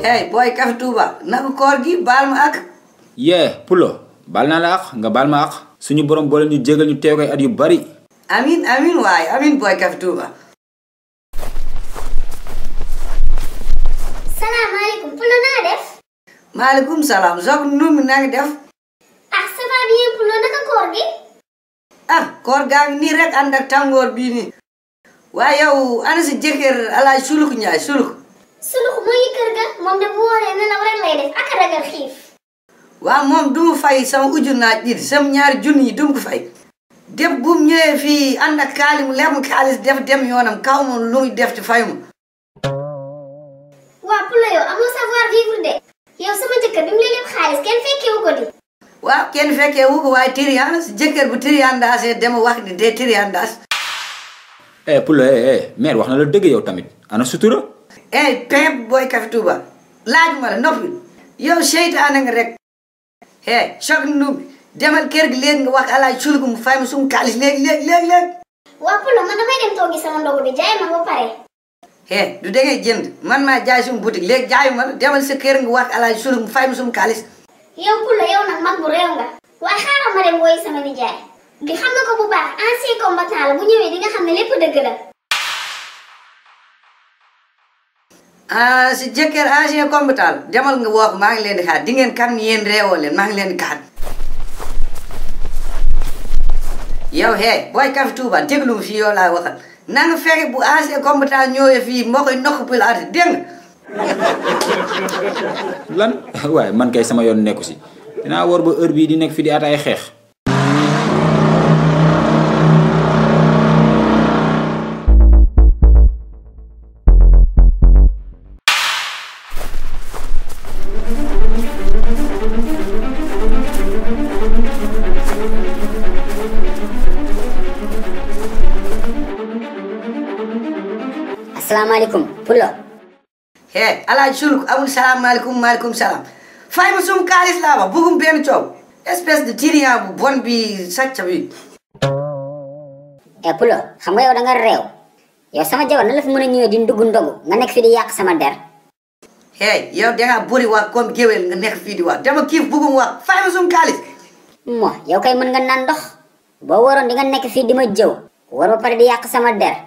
Hey, boy kaf tuba. nagu korgi gi ak. yeah pulo balna lak la ak nga balma ak suñu borom boole ñu jéggal ñu teew bari. amin amin way. amin boy kaf Salam alaykum, pulo na def. malikum salam. zog nu mi na def. ah pulo na koor gi. ah koor nirek ni rek andak tangor bi ni. nii. ana si jëkkër ala suluk njaay suluk. sulux mooy kër ga moom de wooree nelaw rek lay def ak ragal xiif waaw moom du fay sama ujur naa jiit sama ñaari junni yi du mu ko fay def bu ñëwee fii ànd ak kaali mu lem kaalis def dem yoonam kaw ma lu def ci fay ma waa de yow sama jëkkër bi kenn fekkee wu di waaw kenn fekkee wu ko waaye tiriyaans jëkkër bu tiriyandaasee dama wax ni dee tiriyandaas eh Poullo eh eh mère wax na la dëgg yow tamit ana sutura eh pexe booy café Touba ma la noppi yow seytaane nga rek eh choc nu demal kër gi léegi nga wax alaaj sulgu mu fay ma suñu kaalis léegi léegi léegi léegi. pare. eh du dangay jënd man maa jaay suñu boutique léegi jaayuma la demal sa kër nga wax alaaj sulgu mu fay ma suñu kaalis. yow Poulon yow nag mag bu réew nga. waaye xaaral ma dem wooyi sama nijaay. di xam nga ko bu baax ancien combattant la bu ñëwee di xam ne lépp dëgg ah si jëkkër agent ah, combattant demal nga wax maa ngi leen di xaar di ngeen kam yéen reewoo leen maa ngi leen di xaar. yow hey booy kafe Touba déglu fii yow laa waxal na fexe bu agent ah, combattant ñëwee fii moo koy nokk bu laata dégg lan waaye man kay sama yoon nekku si dinaa war ba heure bii di nekk fi di at xeex. Assalamualaikum. pulo he ala shuluk abul salam alaikum malikum salam fay musum kalis laba bugum ben ciow espèce de tiriya bu bon bi satcha bi e ya pulo xam nga yow da nga rew yow ya sama jaw na la fi meuna ñëw di ndugg ndogu nga nek fi di yak sama der he yow ya da nga buri wa kom gewel nga nek fi di wa dama kiif bugum wa fay musum kalis mo yow kay meun nga nan ndox bo waron di nga nek fi di ma jëw war ba di yak sama der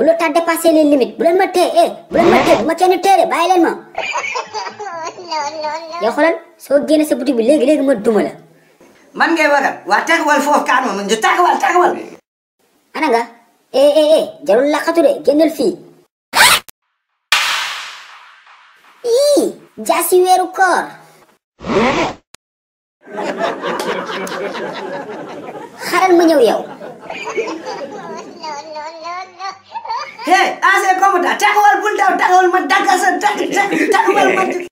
bu la tax dépasser les limites bu leen ma téye eh bu leen ma téye bu ma kenn téere bàyyi leen ma. yow soo génne sa boutique bi léegi léegi ma duma la. man ngay waral waa taxawal foofu kaan ma man de taxawal taxawal. ana nga ah? eh eh eh jaasi weeru koor. xaral ma ñëw yow. hey ancien combattant taxawal bul daw taxawal ma daggal sa dagg taxawal ma